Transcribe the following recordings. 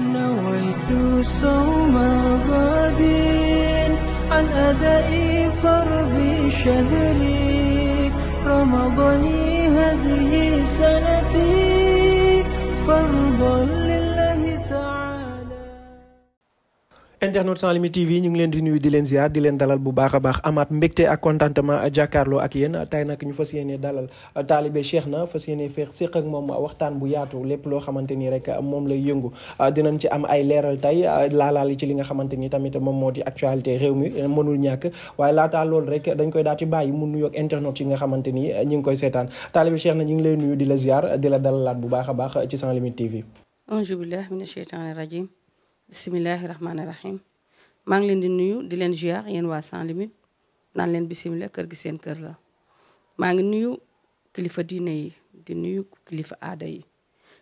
نويت صوم غد عن أداء فرض شهري رمضان هذه سنتي فرضا internet sans limite TV ñu ngi leen di nuyu di leen ziar di leen dalal bu baax a baax amaat mbégte ak contentement jàkkaarloo ak yéen tey nag ñu fas yéene dalal taalibe Cheikh na fas yéene feex séq ak moom waxtaan bu yaatu lépp loo xamante ni rek moom lay yëngu dinañ ci am ay leeral tey laalaali ci li nga xamante ni tamit moom moo di actualité réew mi mënul ñàkk waaye laataa loolu rek dañ koy daal di bàyyi mu nuyoog internet yi nga xamante ni ñu ngi koy seetaan taalibe Cheikh na ñu ngi lay nuyu di la ziar di la dalalaat bu baax a baax ci sans limite TV. anjubillah mina bisimilahi rahmaani rahim maa ngi leen di nuyu di leen ziar yéen waa sans limite naan leen bisimilah kër gi seen kër la maa ngi nuyu kilifa diine yi di nuyu kilifa aada yi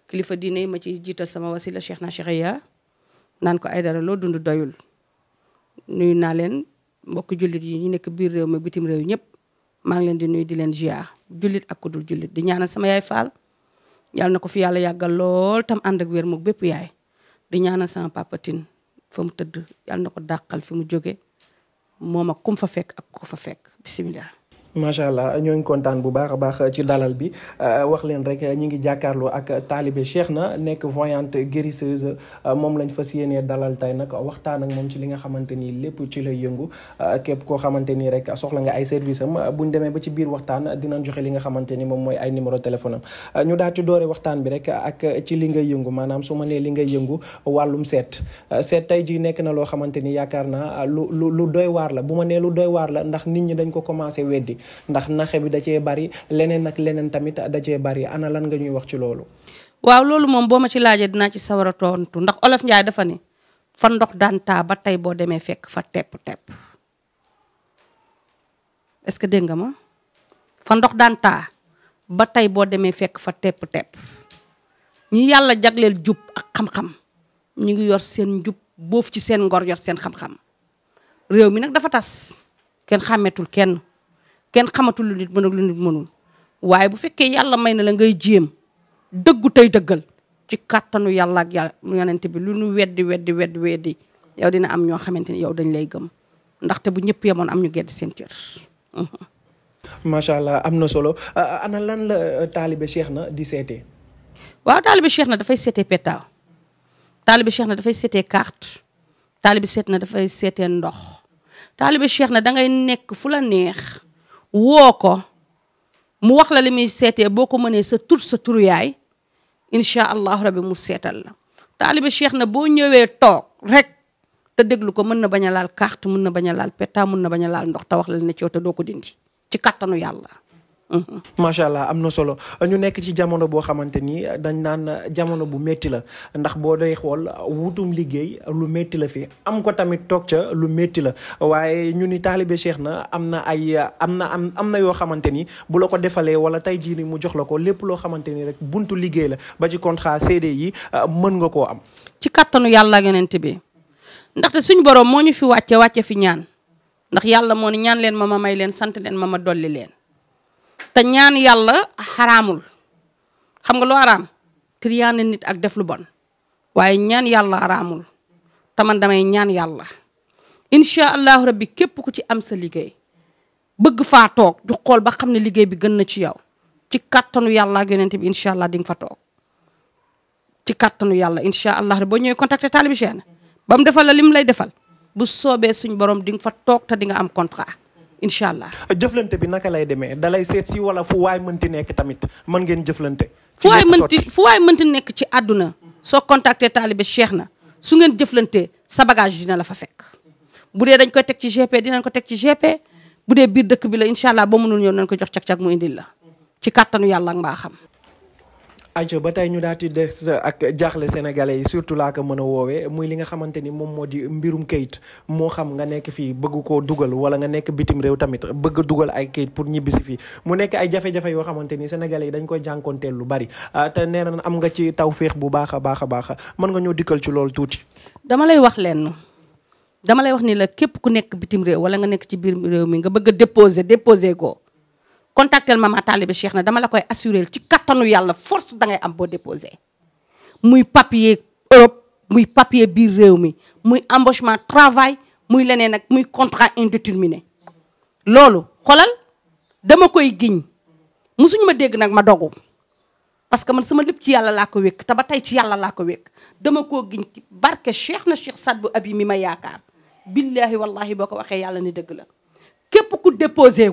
kilifa diine yi ma ci jiital sama wasila cheikh na ya naan ko ay dara loo dund doyul nuyu naa leen mbokki jullit yi ñu nekk biir réew ma bitim réew ñëpp maa ngi leen di nuyu di leen ziar jullit ak ku dul jullit di ñaanal sama yaay faal yàlla na ko fi yàlla yàggal lool tam ànd ak bépp yaay di ñaanal sama papa foo mu tëdd yàlla na ko dàqal fi mu joge moom a kum fa fekk ak ku fa fekk bisimilah. macha allah ñoo ngi kontaan bu baax a baax ci dalal bi euh, wax leen rek ñi ngi jàkkaarloo ak taalibe na nekk voyante guérisseuse euh, moom lañ fas yéenee dalal tey nag waxtaan ak moom ci li nga xamante ni lépp ci lay yëngu euh, képp koo xamante ni rek soxla nga ay service am buñ demee ba ci biir waxtaan dinañ joxe li nga xamante ni moom mooy ay numéro téléphone ñu daal di doore waxtaan bi rek ak ci li ngay yëngu maanaam su ma nee li ngay yëngu wàllum seet seet tey ji nekk na loo xamante ni yaakaar naa lu lu lu doy waar la bu ma nee lu doy waar la ndax nit ñi dañ ko commencé weddi ndax naxe bi da cee bari leneen ak leneen tamit da cee bari ana lan nga ñuy wax ci loolu. waaw loolu moom boo ma ci laajee dinaa ci sawar a tontu ndax olof Njaay dafa ni fa ndox daan taa ba tey boo demee fekk fa tepp tepp est-ce que dégg nga ma fa ndox ba tey boo demee fekk fa tepp tepp ñi yàlla jagleel jub ak xam-xam ñu ngi yor seen njub boof ci seen ngor yor seen xam-xam réew mi nag dafa tas kenn xàmmeetul kenn kenn xamatul lu nit mën ak lu nit mënul waaye bu fekkee yàlla may na la ngay jéem dëggu tey dëggal ci kàttanu yàlla ak yàlla bi lu nu weddi weddi weddi weddi yow dina am ñoo xamante ni yow dañ lay gëm ndaxte bu ñëpp yemoon am ñu gedd seen cër macha allah am na solo ana lan la euh, taalibe Cheikh na di seetee waaw taalibe Cheikh na dafay seete pétaaw taalibe Cheikh na dafay seetee carte taalibe seet na dafay seetee ndox taalibe Cheikh na da nekk fu la neex woo ko mu wax la li muy seetee boo ko mënee sa tur sa turu yaay incha allahu rabi mu seetal la taaliba cheikh na boo ñëwee toog rek te déglu ko mën na bañ a laal carte mën na bañ a laal mën na bañ laal ndox te wax la ne coow te doo ko dindi ci kattanu yàlla Mhm. macha allah am na solo ñu nekk ci jamono boo xamante ni eh, dañ naan eh, jamono bu métti la ndax boo day xool wutum liggéey lu métti la fi am ko tamit toog ca lu métti la waaye ñu ni taalibe Cheikh na am na ay eh, am na am am na yoo xamante ni bu la ko defalee wala tey jii ni mu jox la ko lépp loo xamante ni rek buntu liggéey la ba ci contrat CD yi mën nga koo am. ci kattanu yàlla yonent bi ndaxte suñu borom moo ñu fi wàcce wàcce fi ñaan ndax yàlla moo ne ñaan leen ma ma may leen sant leen ma ma dolli leen. te ñaan yàlla xaraamul xam nga lu araam triyaane nit ak def lu bon waaye ñaan yàlla araamul te man damay ñaan yàlla incha allahu rabbi képp ku ci am sa liggéey bëgg faa toog du xool ba xam ne liggéey bi gën na ci yow ci kàttanu yàlla ak yonent bi incha allah di nga fa toog ci kàttanu yàlla incha allah boo ñëwee contacté Talibe Cheikhna ba defal la lim lay defal bu soobee suñ borom di fa toog te di am contrat. incha allah. jëflante bi naka lay demee dalay seet si wala fu waay mënti nekk tamit mën ngeen jëflante. fu waay mënti fu nekk ci àdduna soo contacter taalibe Cheikh na su ngeen jëflante sa bagage dina la fa fekk. bu dee dañ koy teg ci GP dinañ ko teg ci GP bu dee biir dëkk bi la incha allah ba mënul ñëw nañ ko jox cag-cag mu indi la ci kàttanu yàlla ak mbaaxam. ajo ba tey ñu daal di des ak jaaxle sénégalais yi surtout laa ko mën a woowee muy li nga xamante ni moom moo di mbirum kayit moo xam nga nekk fii bëgg koo dugal wala nga nekk bitim réew tamit bëgg dugal ay kayit pour ñibbisi fii mu nekk ay jafe-jafe yoo xamante ni sénégalais yi dañ koy jànkonteel lu bari ah, te nee na am nga ci tawféex bu baax a baax a baax mën nga ñoo dikkal ci loolu tuuti. dama lay wax lenn dama lay wax ni la képp ku nekk bitim réew wala nga nekk ci biir réew mi nga bëgg a déposer ko contactel ma ma taalibe Cheikh na dama la koy assuré ci kattanu yàlla force da am boo déposé muy papier Europe muy papier biir réew mi muy embauchement travail muy leneen ak muy contrat indéterminé loolu xolal dama koy giñ musuñu ma dégg nag ma dogu parce que man sama lépp ci yàlla laa ko wékk te ba tey ci yàlla laa ko wékk dama ko giñ ci barke Cheikh na Cheikh Sadbou Abi mi ma yaakaar billaahi wallahi boo ko waxee yàlla ni dëgg la képp ku déposé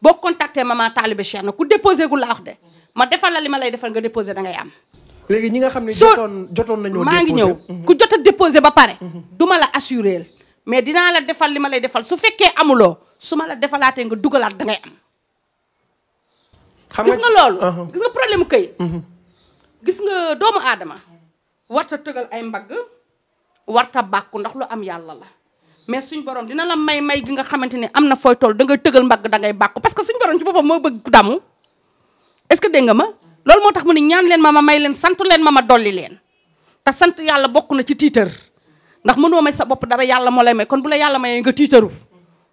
boo contacté maman Talibé Cheikh na ku déposé gu laa wax de ma defal la li ma lay defal nga déposé dangay am. léegi ñi nga xam ne jotoon jotoon nañoo maa ngi ñëw ku jot a déposé ba pare. du ma la assuré mais dinaa la defal li ma lay defal su fekkee amuloo su ma la defalaatee nga dugalaat dangay am. xam nga gis nga loolu. Uh-huh. gis nga problème mu uh-huh. gis nga doomu aadama. warta tëgal ay mbagg. warta bàkku ndax lu am yàlla la. mais suñ borom dina la may may gi nga xamante ni am na fooy toll da ngay tëgal mbagg dangay ngay bàkku parce que suñ borom ci boppam moo bëgg damu est que dégg nga ma lool moo tax mu ne ñaan leen ma ma may leen sant leen ma ma dolli leen te sant yàlla bokk na ci tiitar ndax mënoo may sa bopp dara yàlla moo lay may kon bu la yàlla mayee nga tiitaru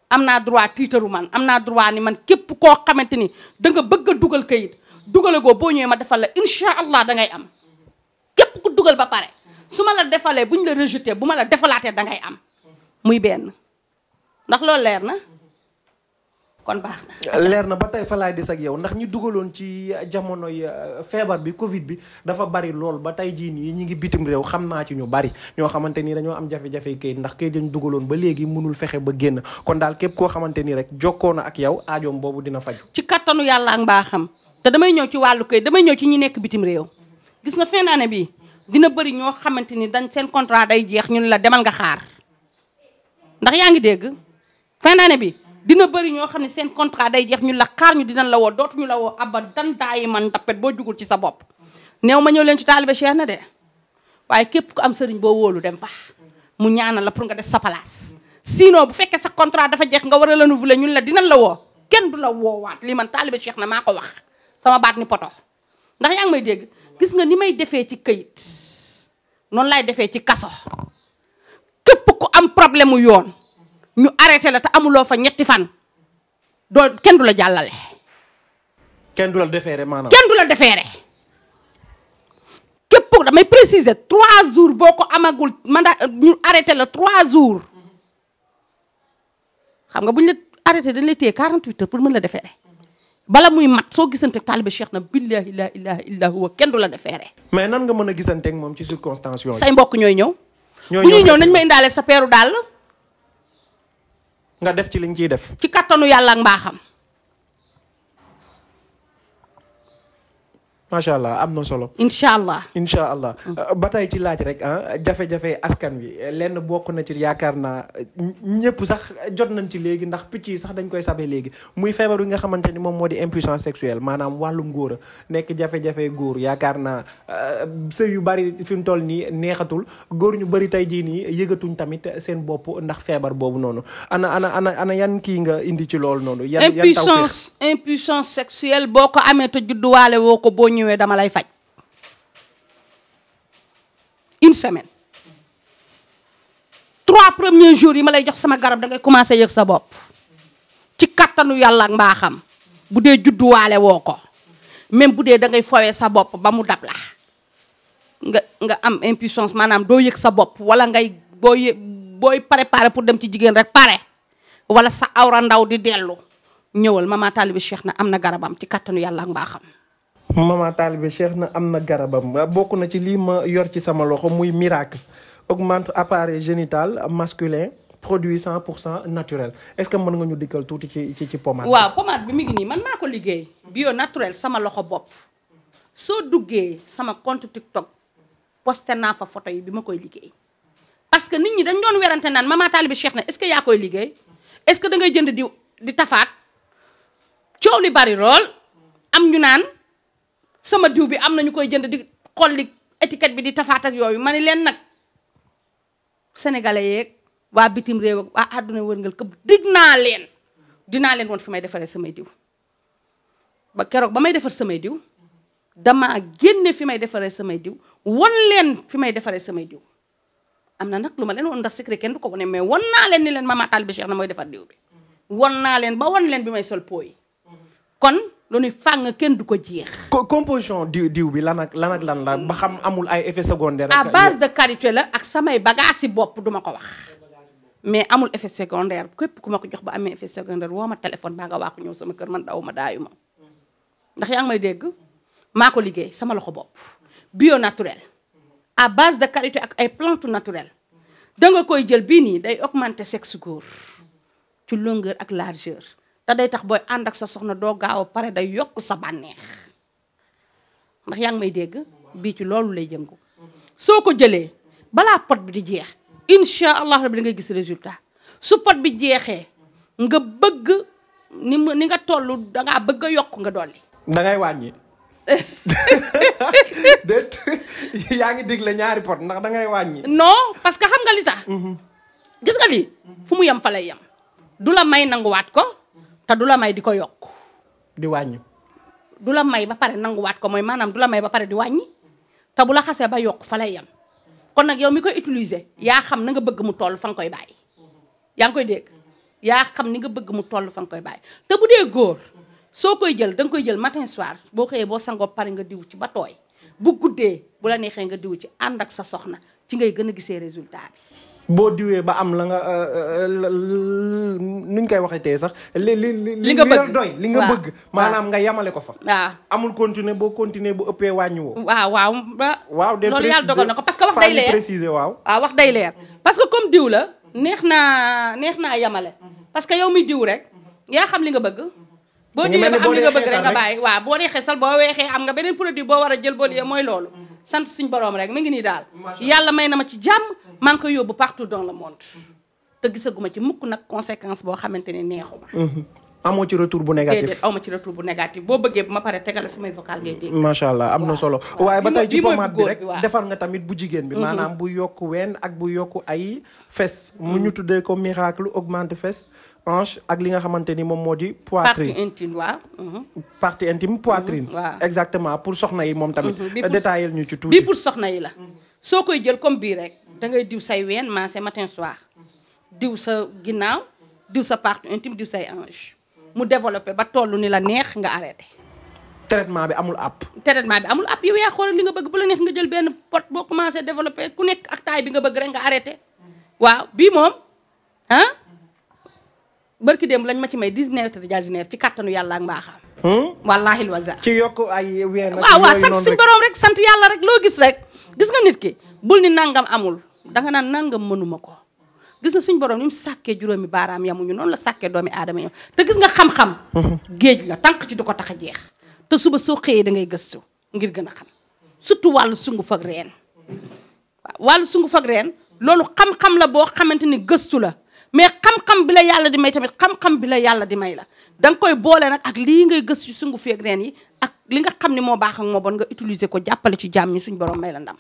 am naa droit tiitaru man am naa droit ni man képp koo xamante ni da nga bëgg a dugal kayit dugale goo boo ñëwee ma defal la incha allah da ngay am képp ku dugal ba pare su ma la defalee bu la rejeté bu ma la defalaatee da ngay am muy benn ndax loolu leer na kon baax na. leer na ba tey fa laay ak yow ndax ñi dugaloon ci jamono jamonoy euh, feebar bi Covid bi dafa bari lool ba tey jii nii ñu ngi bitim réew xam naa ci ñu bari ñoo xamante ni dañoo am jafe-jafe ndax kayit dugaloon ba léegi mënul fexe ba génn kon daal képp koo xamante ni rek jokkoo na ak yow aajoom boobu dina faju ci kattanu yàlla ak mbaaxam te damay ñëw ci wàllu kayit damay ñëw ci ñi nekk bitim réew gis nga fin d'année bi dina bëri ñoo xamante ni dañ seen contrat day jeex ñun la demal nga xaar. ndax yaa ngi dégg fin d'année bi dina bëri ñoo xam ne seen contrat day jeex ñu la xaar ñu dinañ la woo dootuñu la woo abadan daayi man ndappet boo jugul ci sa bopp néew ma ñëw leen ci taalibe Cheikh na de waaye képp ku am sëriñ boo wóolu dem fa mu ñaanal la pour nga def sa place sinon bu fekkee sa contrat dafa jeex nga war a renouveler ñun la dina la woo kenn du la woowaat lii man taalibe Cheikh na maa ko wax sama baat ni poto ndax yaa ngi may dégg gis nga ni may defee ci këyit noonu laay defee ci kaso am problème mu yoon ñu arrêté la te amuloo fa ñetti fan doo kenn du la jàllale. kenn du la defeere maanaam. kenn du la defeere képp damay preciser trois jours boo ko amagul mandat ñu arrêté la trois jours xam nga bu ñu la arrêté dañ lay téye 48 heures pour mën la defeere bala muy mat soo gisante taalibe Cheikh na billahi la ilaha illa huwa kenn la defeere mais nan nga mën a gisanteeg moom ci circonstance yooyu. say mbokk ñooy ñëw. ñoo ñuy ñëw nañ ma indaale sa peeru dàll. nga def ci liñ ciy def. ci kattanu yàlla ak mbaaxam. macha allah am na solo. incha allah incha allah. Mm. Uh, ba tey ci laaj rek ah jafe-jafe askan wi lenn bokk na ci yaakaar naa ñëpp sax jot nañ ci léegi ndax picc yi sax dañ koy sabe léegi muy feebar wi nga xamante ni moom moo di impuissance sexuelle maanaam wàllum góor a nekk jafe-jafe góor yaakaar naa uh, sëy yu bari fi mu toll nii neexatul góor ñu bari tey jii nii yëgatuñ tamit seen bopp ndax feebar boobu noonu ana ana ana ana yan kii nga indi ci lool noonu. yan yan impuissance impuissance ñëwee dama lay faj une semaine trois premiers jour yi ma lay jox sama garab da ngay commencé yëg sa bopp ci kàttanu yàlla mbaaxam bu dee judduwaale woo ko même bu dee da ngay fowee sa bopp ba mu dab la nga nga am impuissance maanaam doo yëg sa bopp wala ngay booy booy préparé pour dem ci jigéen rek pare wala sa awra ndaw di dellu ñëwal ma taalibi cheikh na am na garabam ci kattanu yàlla ak mbaaxam mama Talibe Cheikh na am na garabam bokk na ci lii ma yor ci sama loxo muy miracle augmente appareil génital masculin produit cent pour cent naturel est-ce que mën nga ñu dikkal tuuti ci ci ci pommade. waaw pommade bi mu ngi nii man maa ko liggéey. bio naturel sama loxo bopp. soo duggee sama compte TikTok posté naa fa photo yi bi ma koy liggéey. parce que nit ñi dañ doon werante naan mama Talibe Cheikh na est-ce que yaa koy liggéey est-ce que da ngay jënd di di tafaat coow li bari lool am naan. sama diw bi am na ñu koy jënd di xolli étiquette bi di tafaat yooyu ma ne leen nag sénégalais yeeg waa bitim réew ak waa àdduna wërngal këpp dig naa leen di naa leen woon fi may defaree samay diw ba keroog ba may defar samay diw damaa génne fi may defaree samay diw won leen fi may defaree samay diw am na nag lu ma leen woon ndax secret kenn du ko wane mais won naa leen ni leen Mama Tall bi Cheikh na mooy defar diw bi won naa leen ba won leen bi may sol po yi lu ne fàng kenn du ko jeex. composition diw diw bi lan ak lan lan la ba xam amul ay efe secondaire. à base de qualité la ak samay bagages yi bopp duma ko wax. mais amul effet secondaire képp ku ma ko jox ba amee effet secondaire woo ma téléphone baa nga waa ko ñëw sama kër man daw ma daayu ma. ndax yaa ngi may dégg maa ko liggéey sama loxo bopp. bio naturel à base de qualité ak ay plante naturelles da nga koy jël bii nii day augmenter sexe góor ci longueur ak largeur. te day tax booy ànd ak sa soxna doo gaaw a pare day yokk sa bànneex ndax yaa ngi may dégg bii ci loolu lay jëngu soo ko jëlee balaa pot bi di jeex incha allah bi di nga gis résultat su pot bi jeexee nga bëgg ni mu ni nga toll dangaa bëgg a yokk nga dolli. da ngay wàññi. déet yaa ngi digle ñaari pot ndax da ngay wàññi. non parce que xam nga li tax. Mm-hmm. gis nga lii fu mu yem fa lay yem. du la may nanguwaat ko. te du la may di ko yokk. di wàññi. du la may ba pare nanguwaat ko mooy maanaam du la may ba pare di wàññi te bu la xasee ba yokk fa lay yem kon nag yow mi ko utiliser yaa xam na nga bëgg mu toll fa nga koy bàyyi yaa ngi koy dégg yaa xam ni nga bëgg mu toll fa nga koy bàyyi te bu dee góor soo koy jël da nga koy jël matin soir boo xëyee boo sangoo pare nga diw ci ba tooy bu guddee bu la neexee nga diw ci ànd ak sa soxna ci ngay gën a gisee résultat bi. boo diwee ba am la nga euh, euh, nuñ koy waxee tey sax li li nga bëgg doy li nga bëgg maanaam nga yamale ko fa waaw amul continuer boo continuer bu ëppee wàññi woo waaw waaw waaw de loolu yàlla dogal na ko parce que wax day leer préciser waaw waaw wax day leer parce que comme diw la neex naa neex naa yamale parce que yow mi diw rek yaa xam li nga bëgg boo diwee ba am li nga bëgg rek nga bàyyi waaw boo dee xeesal boo weexee am nga beneen produit boo war a jël boo liyee mooy loolu mm-hmm. sant suñ borom rek mu ngi nii daal yàlla may na ma ci jàmm maa koy yóbbu partout dans le monde te gisaguma ci mukk nag conséquence boo xamante ne neexuma mm-hmm. amoo ci retour bu négatif amoo ci retour bu négatif boo bëggee bu ma paree tegale may vocal ngay dégg macha allah am na solo waaye ba tey ci pommade bi rek defar nga tamit bu jigéen bi mm-hmm. maanaam bu yokk wen ak bu yokk ay fes mu mm-hmm. ñu tuddee ko miracle de fes hanche ak li nga xamante ni moom moo di poitrine parti intime waaw partie intime poitrine exactement pour soxna yi moom tamit détaillé ñu ci tuuti bi pour soxna yi la soo koy jël comme bii rek da ngay diw say ween mancé matin soir diw sa ginnaaw diw sa partie intime diw say ange mu développé ba toll ni la neex nga arrêté. traitement bi amul app. traitement bi amul app yow weex xoolal li nga bëgg bu la neex nga jël benn pot boo commencé développé ku nekk ak taay bi nga bëgg rek nga arrêté waaw bii moom ah barki démb lañ ma ci may dix neuf te ci kattanu yàlla ak mbaaxam. Hmm? wallaahi waza. ci ak waaw waaw sant gis nga nit ki bul ni nangam amul danga naan nangam mënuma ko gis nga suñ borom ni mu sàkkee juróomi baaraam ñu noonu la sàkkee doomi aadama yam te gis nga xam-xam. géej la tànk ci du ko tax a jeex. te suba soo xëyee da ngay gëstu ngir gën a xam surtout wàllu sungu fag reen waaw wàllu reen loolu xam-xam la boo xamante ni gëstu la mais xam-xam bi la yàlla di may tamit xam bi la yàlla di may la da koy boole nag ak lii ngay gëstu sungu feeg reen yi ak li nga xam ne moo baax ak moo bon nga utiliser ko jàppale ci jaam ñi suñu borom may la ndam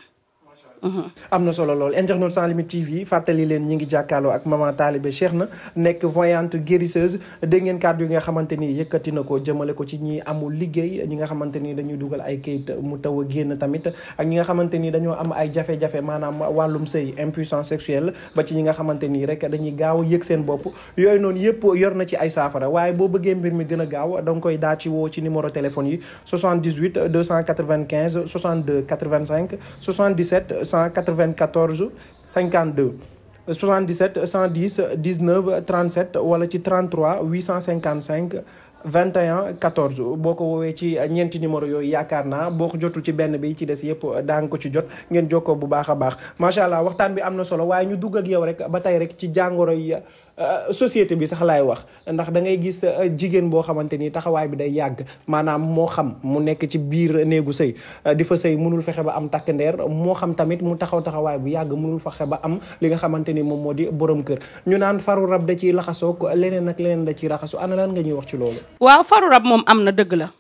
am na solo lool Internet Sans Limites TV fàttali leen ñi ngi jàkkaarloo ak maman Talibé na nekk voyante guérisseuse dégg ngeen kàddu yi nga xamante ni yëkkati na ko jëmale ko ci ñi amul liggéey ñi nga xamante ni dañuy dugal ay kayit mu taw génn tamit ak ñi nga xamante ni dañoo am ay jafe-jafe maanaam wàllum sëy impuissance sexuelle ba ci ñi nga xamante nii rek dañuy gaaw yëg seen bopp yooyu noonu yëpp yor na ci ay saafara waaye boo bëggee mbir mi gën a gaaw da nga koy daa ci woo ci numéro téléphone yi 78 295 62 85 77 994 52 77 110 19 37 wala ci 33 855 21 14 boo ko woowee ci ñeenti numéro yooyu yaakaar naa boo ko jotul ci benn bi ci des yëpp daa ko ci jot ngeen jokkoo bu baax a baax macha allah waxtaan bi am na solo waaye ñu dugg ak yow rek ba tey rek ci jàngoro yi. Euh, société bi sax laay wax ndax da ngay gis euh, jigéen boo xamante ni taxawaay bi day yàgg maanaam moo xam mu nekk ci biir néegu sëy euh, di fa sëy mënul fexe ba am takk ndeer moo xam tamit mu taxaw taxawaay bu yàgg mënul fexe ba am li nga xamante ni moom moo di borom kër ñu naan faru rab da ciy laxasoo leneen ak leneen da ciy raxasu ana lan nga ñuy wax ci loolu. waaw faru rab moom am na dëgg la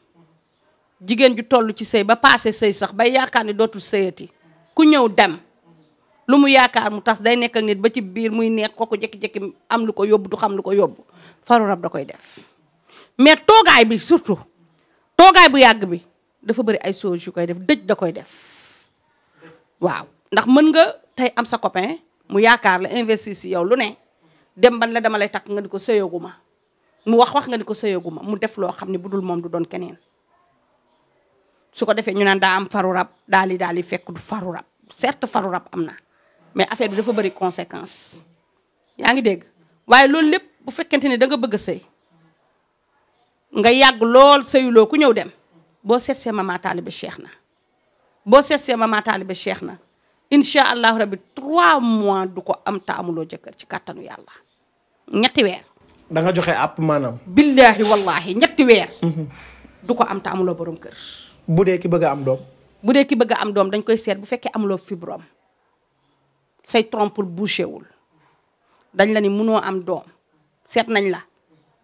jigéen ju toll ci sëy ba paase sëy sax bay yaakaar ni dootul sëyati ku ñëw dem lu mu yaakaar mu tas day nekk ak nit ba ci biir muy neex kooku jékki-jékki am lu ko yóbbu du xam lu ko yóbbu faru rab da koy def mais toogaay bi surtout toogaay bu yàgg bi dafa bëri ay choses yu koy def dëj da koy def waaw ndax mën nga tey am sa copain mu yaakaar la investir si yow lu ne dem ban la dama lay takk nga di ko sëyoguma mu wax wax nga di ko sëyoguma mu def loo xam ne bu dul moom du doon keneen su ko defee ñu naan daa am faru rab daal di daal di fekk du faru rab am na mais affaire bi dafa bëri conséquence yaa ngi dégg waaye loolu lépp bu fekkente ne da nga bëgg a sëy nga yàgg lool sëyuloo ku ñëw dem boo seet see mama taalibe cheikh na boo seet see mama taalibe cheikh na incha allahu rabbi trois mois du ko am ta amuloo jëkkër ci kàttanu yàlla ñetti weer. da nga joxe àpp maanaam. billaahi wallaahi ñetti weer. Mhm. du ko am ta amuloo borom kër. bu dee ki bëgg am doom. bu dee ki bëgg am doom dañ koy seet bu fekkee amuloo fibrom say trompes bouché wul dañ la ni munoo am doom seet nañ la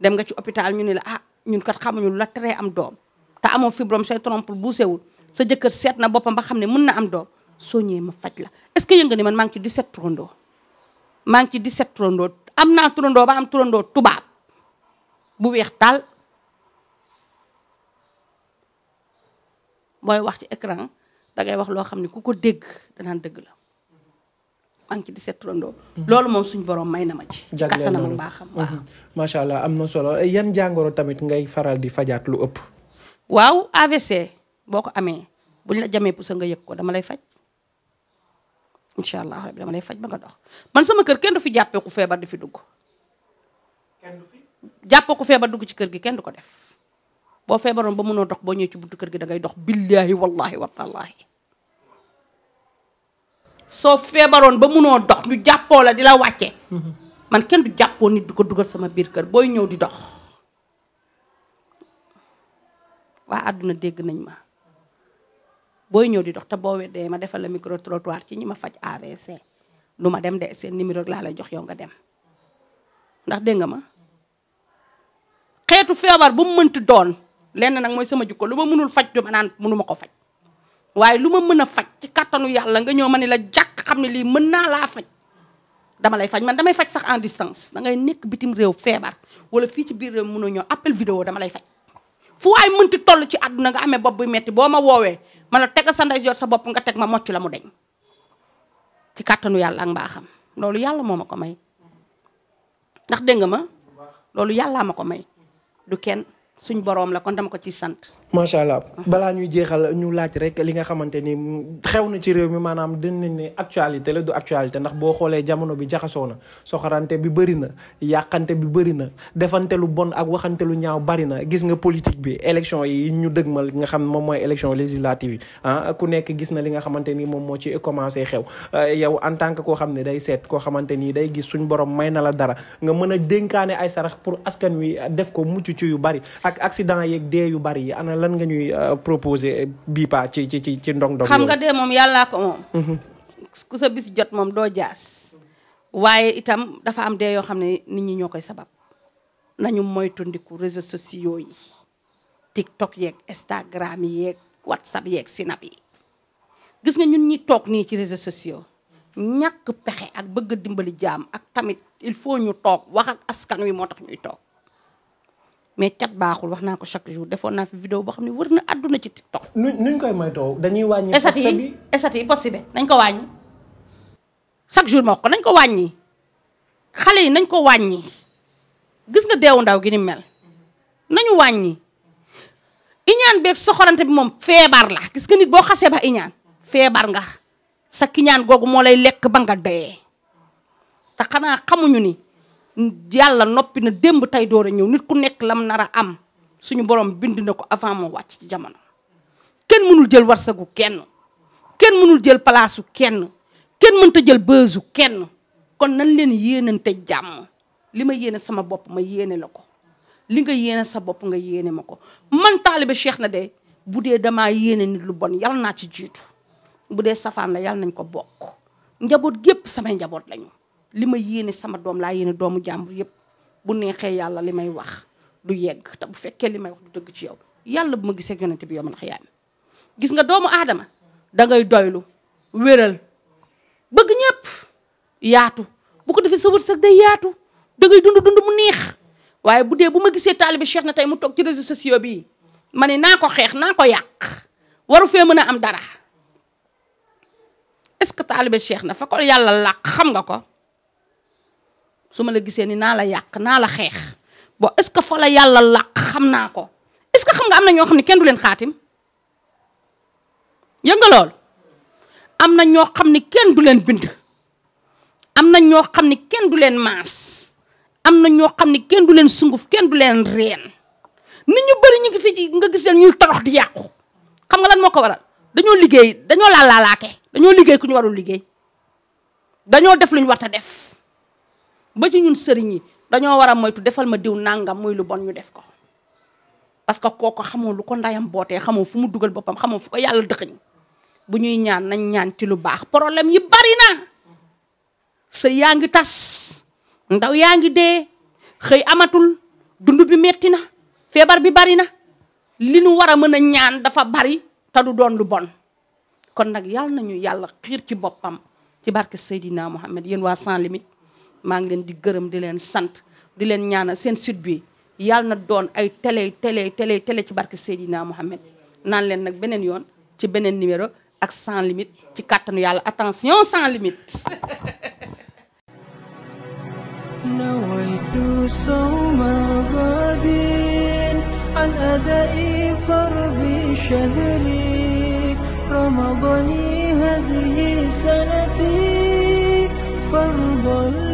dem nga ci hôpital ñu ne la ah ñun kat xamuñu la teree am doom te amoo fibrome say trompes bouché wul sa jëkkër seet na boppam ba xam ne mën na am doom soo ñëwee ma faj la est-ce que yën nga ni man maa ngi ci 17 turandoo maa ngi ci 17 turandoo am naa turandoo ba am turandoo bu weex taal booy wax ci écran da wax loo xam ne ku ko dégg danaan dëgg la maa di seet turandoo. loolu moom suñu borom may na ma ci. jagleel kattanam ak baaxam waaw. Mhm. macha allah am na solo eh, yan jàngoro tamit ngay faral di fajaat lu ëpp. waaw AVC boo ko amee buñ la jamee pusa yëg ko dama lay faj. incha allah rabbi lay faj ba nga dox man sama kër kenn du fi jàppee ku feebar di fi dugg. kenn ku feebar dugg ci kër gi kenn du ko def. boo feebaroon ba mënoo dox boo ñëwee ci buntu kër gi da ngay dox billahi wallahi watalahi soo feebaroon ba munoo dox ñu jàppoo la di la wàcce mhm. man kenn du jàppoo nit du ko dugal sama biir kër booy ñëw di dox waa àdduna dégg nañ ma booy ñëw di dox te boo weddee ma defal la micro trottoir ci ñi ma faj AVC lu ma dem de seen numéro laa lay jox yow nga dem ndax dégg nga ma xeetu feebar bu mu mënti doon lenn nag mooy sama jikko lu ma mënul faj du ma naan mënuma ko faj waaye lu ma mën a faj ci kàttanu yàlla nga ñëw ma ne la jàkk xam ne lii mën naa laa faj dama lay faj man damay faj sax en distance da ngay nekk bitim réew feebar wala fii ci biir mun mënoo ñëw appel vidéo dama lay faj fu waay mënti toll ci àdduna nga amee bopp bu metti boo ma woowee ma la teg sa ndey sa bopp nga teg ma mocc la mu deñ ci kàttanu yàlla ak mbaaxam loolu yàlla moo ma ko may ndax dégg nga ma loolu yàllaa ma ko may du kenn suñ boroom la kon dama ko ci sant macha allah balaa ñuy jeexal ñu laaj rek li nga xamante ni xew na ci réew mi maanaam dinañ ne actualité la du actualité ndax boo xoolee jamono bi jaxasoo na soxarante bi bëri na yàqante bi bëri na defante lu bon ak waxante lu ñaaw bari na gis nga politique bi élection yi ñu dëgmal nga xam moom mooy élection législative yi ah, ku nekk gis na li nga xamante ni moom moo ci commencé xew eh, yow en tant que koo xam ne day seet koo xamante ni day gis suñ borom may na la dara nga mën a dénkaane ay sarax pour askan wi def ko mucc ci yu bari ak accident yeeg yu bari lan nga ñuy euh, proposer bii paa ci ci ci ci ndong ndong xam nga dee moom yàllaa ko moom mhm. ku sa bis jot moom doo jaas waaye itam dafa am dee yoo xam ne nit ñi ñoo koy sabab nañu moytandiku réseaux sociaux yi tiktok yeeg instagram yeeg whatsapp yeeg sinap yi gis nga ñun ñi toog nii ci réseaux sociaux ñàkk pexe ak bëgg dimbali jaam ak tamit il faut ñu toog wax ak askan wi moo tax ñuy toog mais cat baaxul wax naa ko chaque jour defoon naa fi vidéo boo xam ne wër na àdduna ci TikTok. nuñ nuñ koy moytoo dañuy wàññi. poste esat yi poste bi nañ ko wàññi chaque jour ma wax ko wàññi xale yi nañ ko wàññi gis nga deewu ndaw gi ni mel nañu wàññi. iñaan beeg soxorante bi moom feebar la gis nga nit boo xasee ba iñaan feebar nga sa kiñaan googu moo lay lekk ba nga dee te xanaa xamuñu ni. yàlla noppi na démb tey door a ñëw nit ku nekk lam nar a am suñu borom bind na ko avant moo wàcc ci jamono kenn mënul jël warsagu kenn kenn mënul jël palaasu kenn kenn mënta jël bësu kenn kon nan leen yéenante jàmm li ma yéene sama bopp ma yéene la ko li nga yéene sa bopp nga yéene ma ko man taalibe Cheikh na de bu dee damaa yéene nit lu bon yal naa ci jiitu bu dee safaan la yal nañ ko bokk njaboot gépp samay njaboot lañu li ma yéene sama doom laa yéene doomu jàmbur yépp bu neexee yàlla li may wax du yegg te bu fekkee li may wax du dëgg ci yow yàlla bu ma gisee yonente bi yow man gis nga doomu aadama dangay ngay doylu wéral bëgg ñëpp yaatu bu ko defee sa wërsëg day yaatu dangay ngay dund dund mu neex waaye bu dee bu ma gisee taalibi Cheikh na tey mu toog ci réseaux sociaux bi ma ne naa ko xeex naa ko yàq waru fee mën a am dara est-ce que taalibi Cheikh na fa ko yàlla làq xam nga ko su ma la gisee ni naa la yàq naa la xeex boo est-ce que fa la yàlla làq xam naa ko est-ce que xam nga am na ñoo xam ne kenn du leen xaatim yënga lool am na ñoo xam ni kenn du leen bind am na ñoo xam ni kenn du leen maas am na ñoo xam ni kenn du leen sunguf kenn du leen reen nit ñu bëri ñu ngi fi nga gis ñu ñuy torox di yàqu xam nga lan moo ko waral dañoo liggéey dañoo laalaalaake dañoo liggéey ku ñu warul liggéey dañoo def lu ñu war a def ba ci ñun sëriñ yi dañoo war a moytu defal ma diw nangam muy lu bon ñu def ko parce que kooku xamoo lu ko ndayam bootee xamoo fu mu dugal boppam xamoo fu ko yàlla dëxëñ bu ñuy ñaan nañ ñaan ci lu baax problème yi bari na sëy yaa ngi tas ndaw yaa ngi dee xëy amatul dund bi metti na feebar bi bari na li nu war a mën a ñaan dafa bari te du doon lu bon kon nag yàlla ñu yàlla xiir ci boppam ci barke Seydina Muhammad yen waa sans limite maa ngi leen di gërëm di leen sant di leen ñaanal seen site bi yal na doon ay télé télé télé télé ci barke Seydina Mohamed naan leen nag beneen yoon ci beneen numéro ak sans limite ci kàttanu yàlla attention sans limite نويت صوم غد عن أداء فرض شهري رمضان هذه سنتي